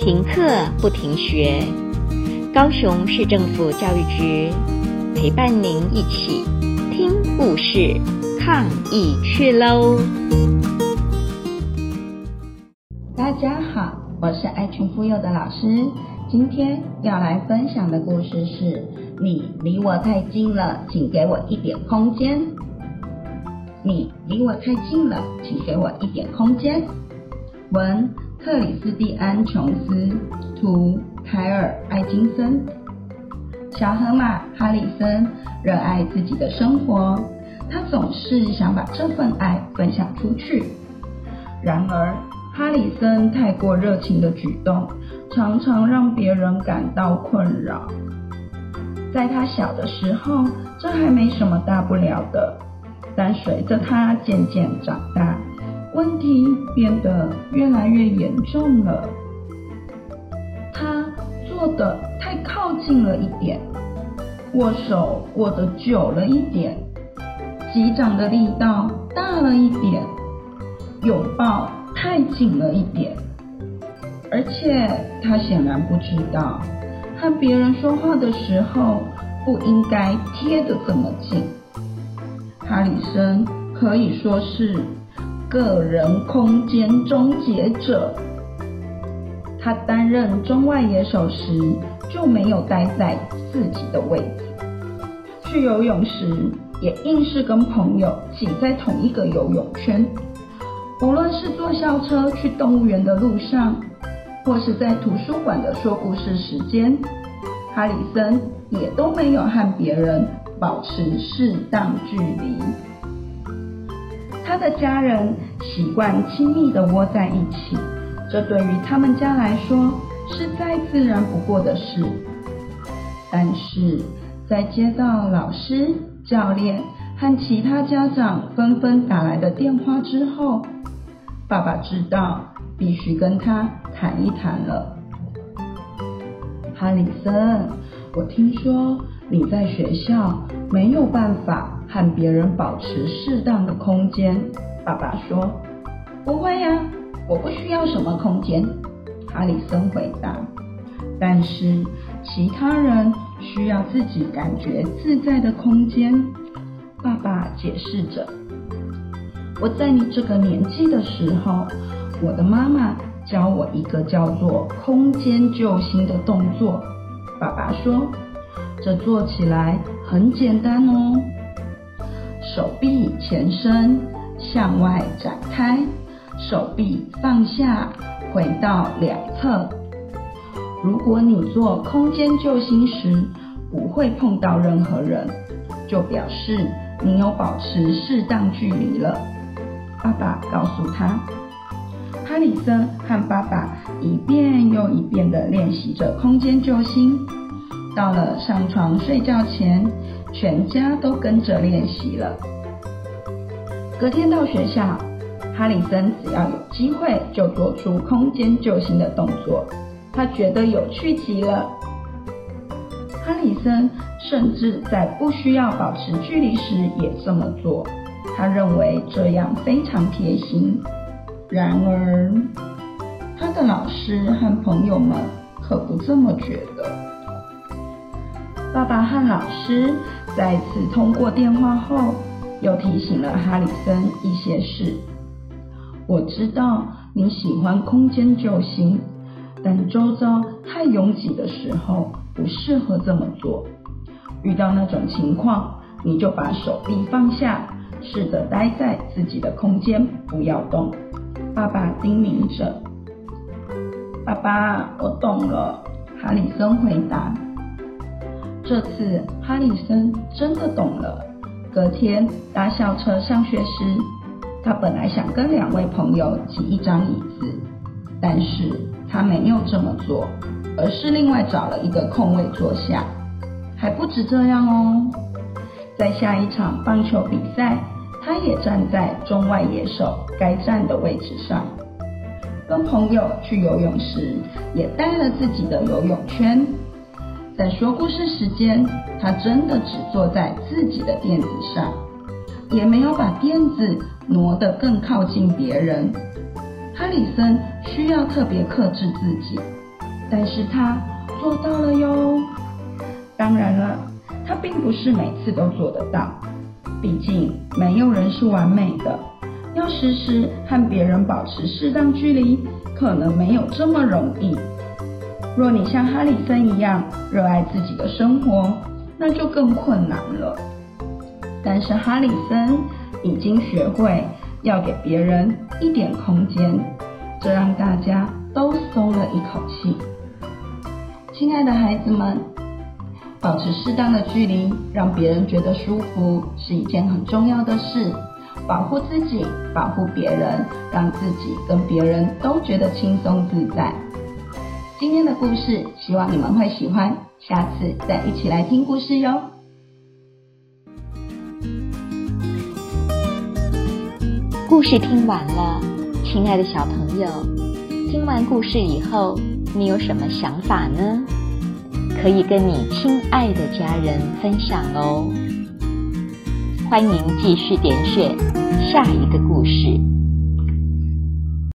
停課不停學，高雄市政府教育局陪伴您一起聽故事，抗疫去嘍！大家好，我是愛群附幼的老師，今天要來分享的故事是：你離我太近了，請給我一點空間。你離我太近了，請給我一點空間。文。克里斯蒂安·瓊斯、圖凱爾·愛金森、小河馬哈里森熱愛自己的生活，他總是想把這份愛分享出去。然而，哈里森太過熱情的舉動常常讓別人感到困擾。在他小的時候，這還沒什麼大不了的，但隨着他漸漸長大，問題變得越來越嚴重了。他坐得太靠近了一點，握手握得久了一點，擊掌的力道大了一點，擁抱太緊了一點。而且他顯然不知道，和別人說話的時候不應該貼得這麼近。哈里森可以說是個人空間終結者。他擔任中外野手時，就沒有待在自己的位置。去游泳時，也硬是跟朋友擠在同一個游泳圈。無論是坐校車去動物園的路上，或是在圖書館的說故事時間，哈里森也都沒有和別人保持適當距離。他的家人習慣親密地窩在一起，這對於他們家來說是再自然不過的事。但是，在接到老師、教練和其他家長紛紛打來的電話之後，爸爸知道必須跟他談一談了。哈里森，我聽說你在學校沒有辦法和別人保持適當的空間，爸爸說：“不會呀，啊，我不需要什麼空間。”哈里森回答。但是其他人需要自己感覺自在的空間，爸爸解釋着。我在你這個年紀的時候，我的媽媽教我一個叫做“空間救星”的動作。爸爸說：“這做起來很簡單哦。”手臂前伸，向外展開，手臂放下，回到兩側。如果你做空間救星時不會碰到任何人，就表示你有保持適當距離了。爸爸告訴他，哈里森和爸爸一遍又一遍地練習着空間救星。到了上床睡覺前。全家都跟着練習了。隔天到學校，哈里森只要有機會就做出空間救星的動作，他覺得有趣極了。哈里森甚至在不需要保持距離時也這麼做，他認為這樣非常貼心。然而，他的老師和朋友們可不這麼覺得。爸爸和老師。再次通過電話後，又提醒了哈里森一些事。我知道你喜歡空間救星，但周遭太擁擠的時候不適合這麼做。遇到那種情況，你就把手臂放下，試着待在自己的空間，不要動。爸爸叮嚀着。爸爸，我懂了。哈里森回答。這次哈里森真的懂了。隔天搭校車上學時，他本來想跟兩位朋友擠一張椅子，但是他沒有這麼做，而是另外找了一個空位坐下。還不止這樣哦，在下一場棒球比賽，他也站在中外野手該站的位置上；跟朋友去游泳時，也帶了自己的游泳圈。在說故事時間，他真的只坐在自己的墊子上，也沒有把墊子挪得更靠近別人。哈里森需要特別克制自己，但是他做到了喲。當然了，他並不是每次都做得到，畢竟沒有人是完美的。要時時和別人保持適當距離，可能沒有這麼容易。若你像哈里森一樣熱愛自己的生活，那就更困難了。但是哈里森已經學會要給別人一點空間，這讓大家都鬆了一口氣。親愛的孩子們，保持適當的距離，讓別人覺得舒服是一件很重要的事。保護自己，保護別人，讓自己跟別人都覺得輕鬆自在。今天的故事，希望你們會喜歡。下次再一起來聽故事喲。故事聽完了，親愛的小朋友，聽完故事以後，你有什麼想法呢？可以跟你親愛的家人分享哦。歡迎繼續點選下一個故事。